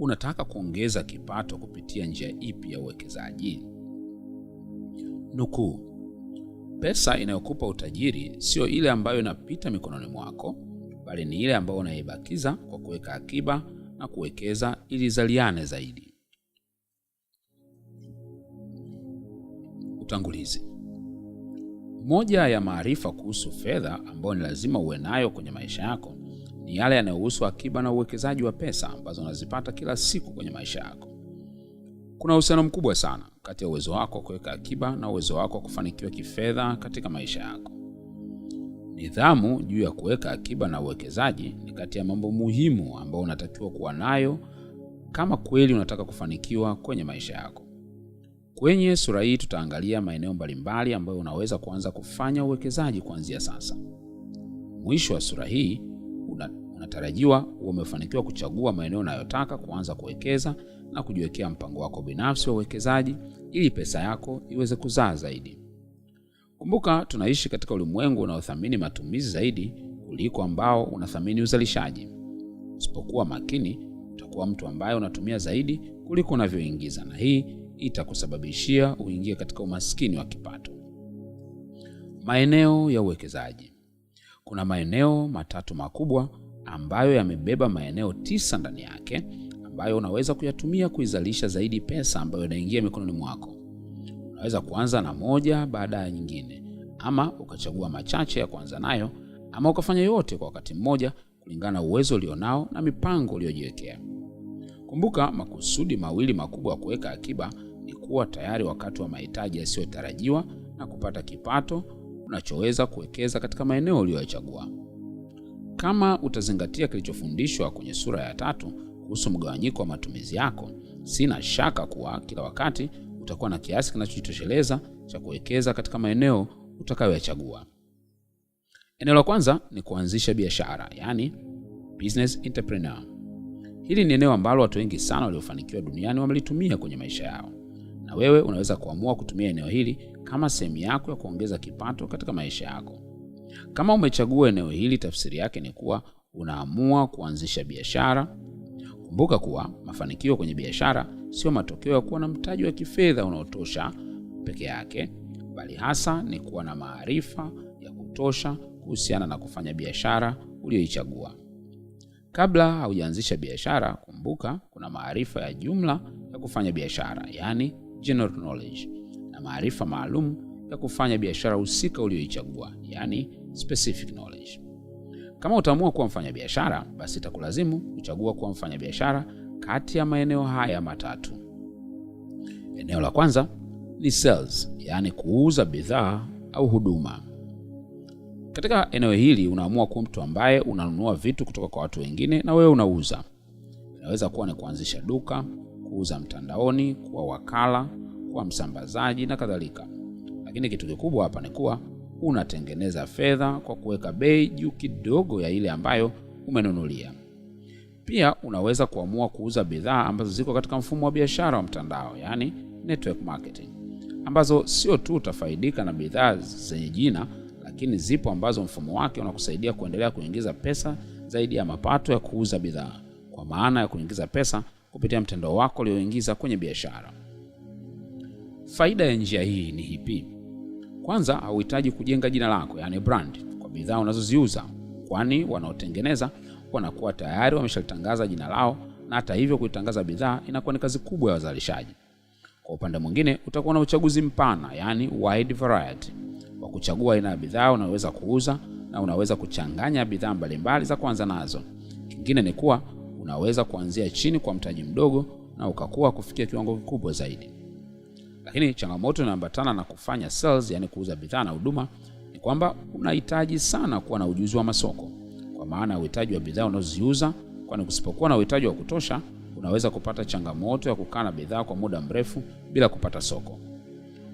Unataka kuongeza kipato kupitia njia ipi ya uwekezaji? Nukuu, pesa inayokupa utajiri sio ile ambayo inapita mikononi mwako, bali ni ile ambayo unaibakiza kwa kuweka akiba na kuwekeza ili zaliane zaidi. Utangulizi. Moja ya maarifa kuhusu fedha ambayo ni lazima uwe nayo kwenye maisha yako ni yale yanayohusu akiba na uwekezaji wa pesa ambazo unazipata kila siku kwenye maisha yako. Kuna uhusiano mkubwa sana kati ya uwezo wako wa kuweka akiba na uwezo wako wa kufanikiwa kifedha katika maisha yako. Nidhamu juu ya kuweka akiba na uwekezaji ni kati ya mambo muhimu ambayo unatakiwa kuwa nayo kama kweli unataka kufanikiwa kwenye maisha yako. Kwenye sura hii tutaangalia maeneo mbalimbali ambayo unaweza kuanza kufanya uwekezaji kuanzia sasa. Mwisho wa sura hii una Unatarajiwa umefanikiwa kuchagua maeneo unayotaka kuanza kuwekeza na kujiwekea mpango wako binafsi wa uwekezaji ili pesa yako iweze kuzaa zaidi. Kumbuka, tunaishi katika ulimwengu unaothamini matumizi zaidi kuliko ambao unathamini uzalishaji. Usipokuwa makini, utakuwa mtu ambaye unatumia zaidi kuliko unavyoingiza, na hii itakusababishia uingie katika umaskini wa kipato. Maeneo ya uwekezaji: kuna maeneo matatu makubwa ambayo yamebeba maeneo tisa ndani yake ambayo unaweza kuyatumia kuizalisha zaidi pesa ambayo inaingia mikononi mwako. Unaweza kuanza na moja baada ya nyingine, ama ukachagua machache ya kuanza nayo, ama ukafanya yote kwa wakati mmoja kulingana na uwezo ulionao na mipango uliyojiwekea. Kumbuka, makusudi mawili makubwa ya kuweka akiba ni kuwa tayari wakati wa mahitaji yasiyotarajiwa na kupata kipato unachoweza kuwekeza katika maeneo uliyoyachagua. Kama utazingatia kilichofundishwa kwenye sura ya tatu kuhusu mgawanyiko wa matumizi yako, sina shaka kuwa kila wakati utakuwa na kiasi kinachojitosheleza cha kuwekeza katika maeneo utakayoyachagua. Eneo la kwanza ni kuanzisha biashara, yaani business entrepreneur. Hili ni eneo ambalo watu wengi sana waliofanikiwa duniani wamelitumia kwenye maisha yao, na wewe unaweza kuamua kutumia eneo hili kama sehemu yako ya kuongeza kipato katika maisha yako. Kama umechagua eneo hili, tafsiri yake ni kuwa unaamua kuanzisha biashara. Kumbuka kuwa mafanikio kwenye biashara sio matokeo ya kuwa na mtaji wa kifedha unaotosha peke yake, bali hasa ni kuwa na maarifa ya kutosha kuhusiana na kufanya biashara uliyoichagua. Kabla haujaanzisha biashara, kumbuka kuna maarifa ya jumla ya kufanya biashara, yaani general knowledge, na maarifa maalum ya kufanya biashara husika uliyoichagua, yani specific knowledge. Kama utaamua kuwa mfanyabiashara, basi itakulazimu kuchagua kuwa mfanyabiashara kati ya maeneo haya matatu. Eneo la kwanza ni sales, yaani kuuza bidhaa au huduma. Katika eneo hili unaamua kuwa mtu ambaye unanunua vitu kutoka kwa watu wengine na wewe unauza. Inaweza kuwa ni kuanzisha duka, kuuza mtandaoni, kuwa wakala, kuwa msambazaji na kadhalika. Lakini kitu kikubwa hapa ni kuwa unatengeneza fedha kwa kuweka bei juu kidogo ya ile ambayo umenunulia. Pia unaweza kuamua kuuza bidhaa ambazo ziko katika mfumo wa biashara wa mtandao, yaani network marketing, ambazo sio tu utafaidika na bidhaa zenye jina, lakini zipo ambazo mfumo wake unakusaidia kuendelea kuingiza pesa zaidi ya mapato ya kuuza bidhaa, kwa maana ya kuingiza pesa kupitia mtandao wako ulioingiza kwenye biashara. Faida ya njia hii ni hipi kwanza, hauhitaji kujenga jina lako, yani brand, kwa bidhaa unazoziuza, kwani wanaotengeneza wanakuwa tayari wameshalitangaza jina lao, na hata hivyo kuitangaza bidhaa inakuwa ni kazi kubwa ya wazalishaji. Kwa upande mwingine, utakuwa na uchaguzi mpana, yani wide variety, wa kuchagua aina ya bidhaa unaweza kuuza na unaweza kuchanganya bidhaa mbalimbali za kwanza nazo. Kingine ni kuwa unaweza kuanzia chini kwa mtaji mdogo na ukakuwa kufikia kiwango kikubwa zaidi. Lakini changamoto inayoambatana na kufanya sales, yani kuuza bidhaa na huduma, ni kwamba unahitaji sana kuwa na ujuzi wa masoko, kwa maana ya uhitaji wa bidhaa unaoziuza kwani kusipokuwa na uhitaji wa kutosha, unaweza kupata changamoto ya kukaa na bidhaa kwa muda mrefu bila kupata soko.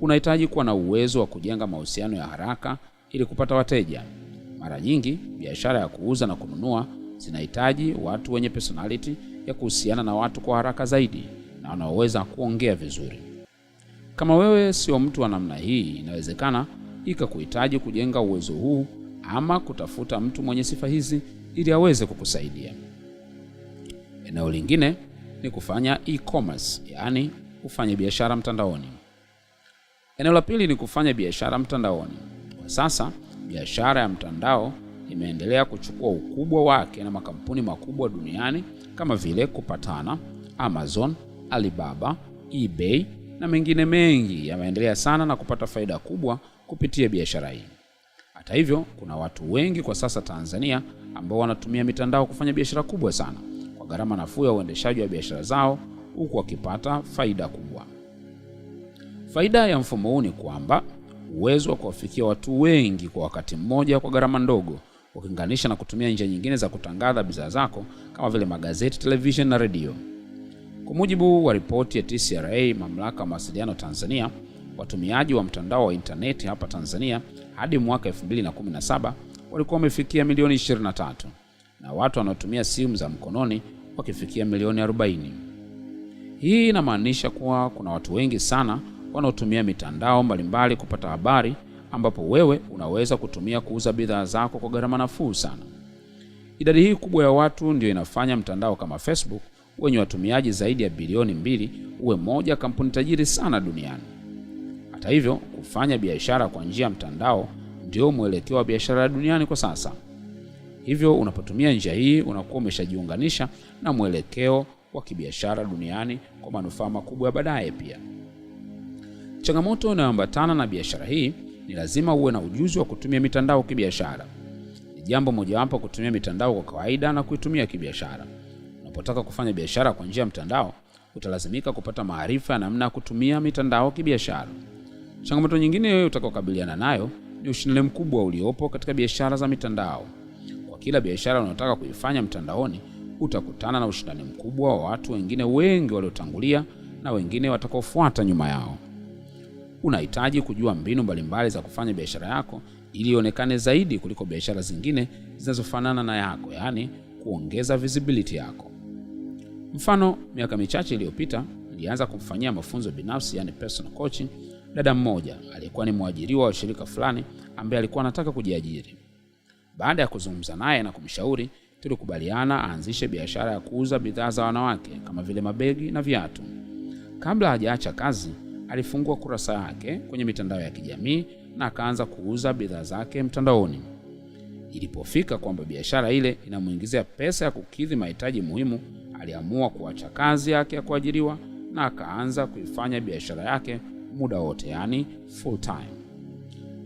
Unahitaji kuwa na uwezo wa kujenga mahusiano ya haraka ili kupata wateja. Mara nyingi biashara ya kuuza na kununua zinahitaji watu wenye personality ya kuhusiana na watu kwa haraka zaidi na wanaoweza kuongea vizuri. Kama wewe sio mtu wa namna hii, inawezekana ikakuhitaji kujenga uwezo huu ama kutafuta mtu mwenye sifa hizi ili aweze kukusaidia. Eneo lingine ni kufanya e-commerce, yaani ufanye biashara mtandaoni. Eneo la pili ni kufanya biashara mtandaoni. Kwa sasa biashara ya mtandao imeendelea kuchukua ukubwa wake na makampuni makubwa duniani kama vile kupatana Amazon, Alibaba, eBay na mengine mengi yameendelea sana na kupata faida kubwa kupitia biashara hii. Hata hivyo, kuna watu wengi kwa sasa Tanzania ambao wanatumia mitandao kufanya biashara kubwa sana kwa gharama nafuu ya uendeshaji wa biashara zao huku wakipata faida kubwa. Faida ya mfumo huu ni kwamba uwezo wa kuwafikia watu wengi kwa wakati mmoja kwa gharama ndogo ukilinganisha na kutumia njia nyingine za kutangaza bidhaa zako kama vile magazeti, televisheni na redio. Kwa mujibu wa ripoti ya TCRA, mamlaka ya mawasiliano Tanzania, watumiaji wa mtandao wa intaneti hapa Tanzania hadi mwaka 2017 walikuwa wamefikia milioni 23 na watu wanaotumia simu za mkononi wakifikia milioni 40. Hii inamaanisha kuwa kuna watu wengi sana wanaotumia mitandao mbalimbali kupata habari, ambapo wewe unaweza kutumia kuuza bidhaa zako kwa gharama nafuu sana. Idadi hii kubwa ya watu ndio inafanya mtandao kama Facebook wenye watumiaji zaidi ya bilioni mbili uwe moja kampuni tajiri sana duniani. Hata hivyo, kufanya biashara kwa njia ya mtandao ndio mwelekeo wa biashara duniani kwa sasa. Hivyo unapotumia njia hii unakuwa umeshajiunganisha na mwelekeo wa kibiashara duniani kwa manufaa makubwa ya baadaye. Pia changamoto inayoambatana na biashara hii ni lazima uwe na ujuzi wa kutumia mitandao kibiashara. Ni jambo mojawapo kutumia mitandao kwa kawaida na kuitumia kibiashara. Unapotaka kufanya biashara kwa njia ya mtandao, utalazimika kupata maarifa ya namna ya kutumia mitandao kibiashara. Changamoto nyingine yoyo nayo ni ushindani mkubwa uliopo katika biashara za mitandao. Kwa kila biashara unayotaka kuifanya mtandaoni, utakutana na ushindani mkubwa wa watu wengine wengi waliotangulia na wengine watakaofuata nyuma yao. Unahitaji kujua mbinu mbalimbali za kufanya biashara yako ili ionekane zaidi kuliko biashara zingine zinazofanana na yako, yaani kuongeza visibility yako. Mfano, miaka michache iliyopita nilianza kumfanyia mafunzo binafsi, yani personal coaching, dada mmoja aliyekuwa ni mwajiriwa wa shirika fulani ambaye alikuwa anataka kujiajiri. Baada ya kuzungumza naye na kumshauri, tulikubaliana aanzishe biashara ya kuuza bidhaa za wanawake kama vile mabegi na viatu. Kabla hajaacha kazi, alifungua kurasa yake kwenye mitandao ya kijamii na akaanza kuuza bidhaa zake mtandaoni. Ilipofika kwamba biashara ile inamwingizia pesa ya kukidhi mahitaji muhimu aliamua kuacha kazi yake ya kuajiriwa na akaanza kuifanya biashara yake muda wote, yaani full time.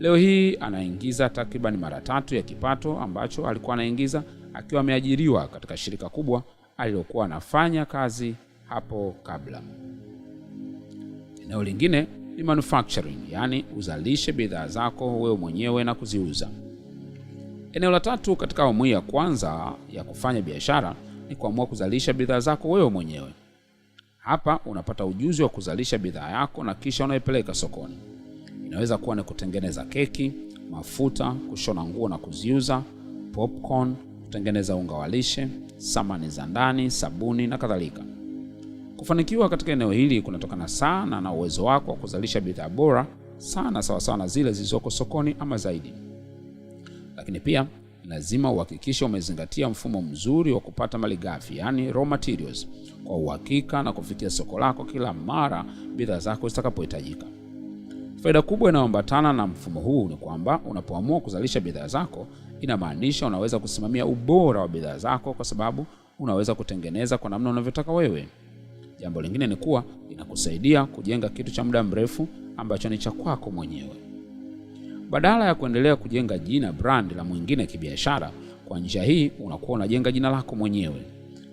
Leo hii anaingiza takribani mara tatu ya kipato ambacho alikuwa anaingiza akiwa ameajiriwa katika shirika kubwa alilokuwa anafanya kazi hapo kabla. Eneo lingine ni manufacturing, yani uzalishe bidhaa zako wewe mwenyewe na kuziuza. Eneo la tatu katika awamu hii ya kwanza ya kufanya biashara ni kuamua kuzalisha bidhaa zako wewe mwenyewe. Hapa unapata ujuzi wa kuzalisha bidhaa yako na kisha unaipeleka sokoni. Inaweza kuwa ni kutengeneza keki, mafuta, kushona nguo na kuziuza, popcorn, kutengeneza unga wa lishe, samani za ndani, sabuni na kadhalika. Kufanikiwa katika eneo hili kunatokana sana na uwezo wako wa kuzalisha bidhaa bora sana, sawasawa na zile zilizoko sokoni ama zaidi, lakini pia lazima uhakikishe umezingatia mfumo mzuri wa kupata mali ghafi, yaani raw materials, kwa uhakika na kufikia soko lako kila mara bidhaa zako zitakapohitajika. Faida kubwa inayoambatana na mfumo huu ni kwamba unapoamua kuzalisha bidhaa zako, inamaanisha unaweza kusimamia ubora wa bidhaa zako, kwa sababu unaweza kutengeneza kwa namna unavyotaka wewe. Jambo lingine ni kuwa inakusaidia kujenga kitu cha muda mrefu ambacho ni cha kwako mwenyewe. Badala ya kuendelea kujenga jina brand la mwingine kibiashara, kwa njia hii unakuwa unajenga jina lako mwenyewe.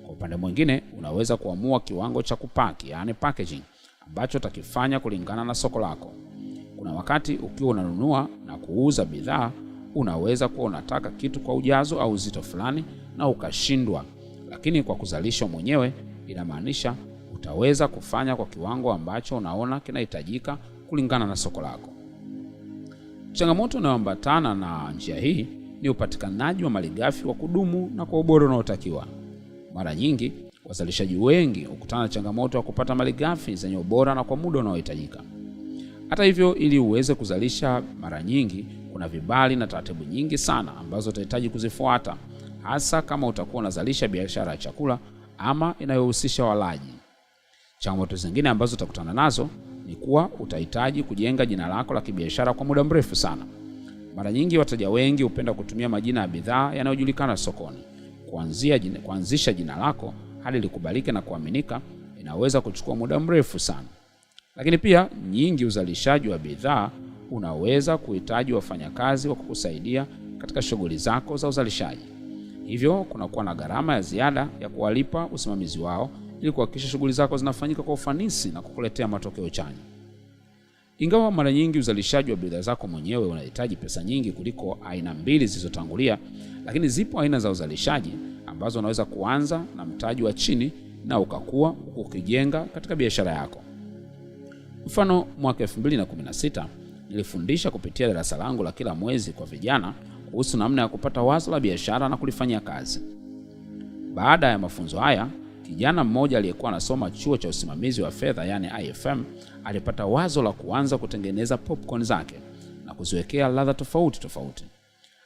Kwa upande mwingine, unaweza kuamua kiwango cha kupaki, yani packaging, ambacho utakifanya kulingana na soko lako. Kuna wakati ukiwa unanunua na kuuza bidhaa, unaweza kuwa unataka kitu kwa ujazo au uzito fulani na ukashindwa, lakini kwa kuzalisha mwenyewe inamaanisha utaweza kufanya kwa kiwango ambacho unaona kinahitajika kulingana na soko lako. Changamoto inayoambatana na njia hii ni upatikanaji wa malighafi wa kudumu na kwa ubora unaotakiwa. Mara nyingi wazalishaji wengi hukutana na changamoto ya kupata malighafi zenye ubora na kwa muda unaohitajika. Hata hivyo, ili uweze kuzalisha, mara nyingi kuna vibali na taratibu nyingi sana ambazo utahitaji kuzifuata, hasa kama utakuwa unazalisha biashara ya chakula ama inayohusisha walaji. Changamoto zingine ambazo utakutana nazo ni kuwa utahitaji kujenga jina lako la kibiashara kwa muda mrefu sana. Mara nyingi wateja wengi hupenda kutumia majina ya bidhaa yanayojulikana sokoni. Kuanzia jine, kuanzisha jina lako hadi likubalike na kuaminika inaweza kuchukua muda mrefu sana. Lakini pia nyingi, uzalishaji wa bidhaa unaweza kuhitaji wafanyakazi wa kukusaidia katika shughuli zako za uzalishaji, hivyo kunakuwa na gharama ya ziada ya kuwalipa usimamizi wao ili kuhakikisha shughuli zako zinafanyika kwa ufanisi na kukuletea matokeo chanya. Ingawa mara nyingi uzalishaji wa bidhaa zako mwenyewe unahitaji pesa nyingi kuliko aina mbili zilizotangulia, lakini zipo aina za uzalishaji ambazo unaweza kuanza na mtaji wa chini na ukakua huku ukijenga katika biashara yako. Mfano, mwaka 2016 nilifundisha kupitia darasa langu la kila mwezi kwa vijana kuhusu namna ya kupata wazo la biashara na kulifanyia kazi. Baada ya mafunzo haya Kijana mmoja aliyekuwa anasoma chuo cha usimamizi wa fedha yani IFM alipata wazo la kuanza kutengeneza popcorn zake na kuziwekea ladha tofauti tofauti.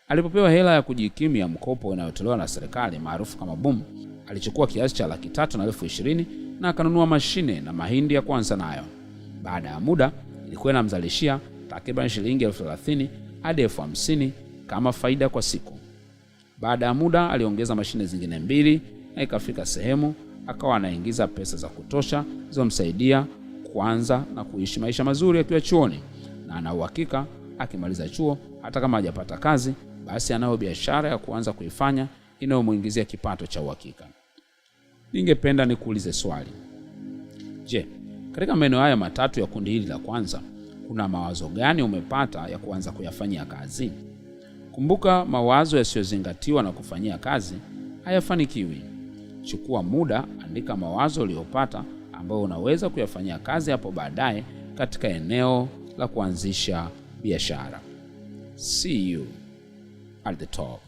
Alipopewa hela ya kujikimu ya mkopo inayotolewa na serikali maarufu kama BOOM, alichukua kiasi cha laki tatu na elfu ishirini na akanunua mashine na mahindi ya kwanza nayo. Baada ya muda ilikuwa inamzalishia takriban shilingi elfu thelathini hadi elfu hamsini kama faida kwa siku. Baada ya muda aliongeza mashine zingine mbili na ikafika sehemu akawa anaingiza pesa za kutosha zilizomsaidia kuanza na kuishi maisha mazuri akiwa chuoni, na ana uhakika akimaliza chuo, hata kama hajapata kazi, basi anayo biashara ya kuanza kuifanya inayomwingizia kipato cha uhakika. Ningependa nikuulize swali. Je, katika maeneo haya matatu ya kundi hili la kwanza kuna mawazo gani umepata ya kuanza kuyafanyia kazi? Kumbuka, mawazo yasiyozingatiwa na kufanyia kazi hayafanikiwi. Chukua muda, andika mawazo uliyopata ambayo unaweza kuyafanyia kazi hapo baadaye katika eneo la kuanzisha biashara. See you at the top.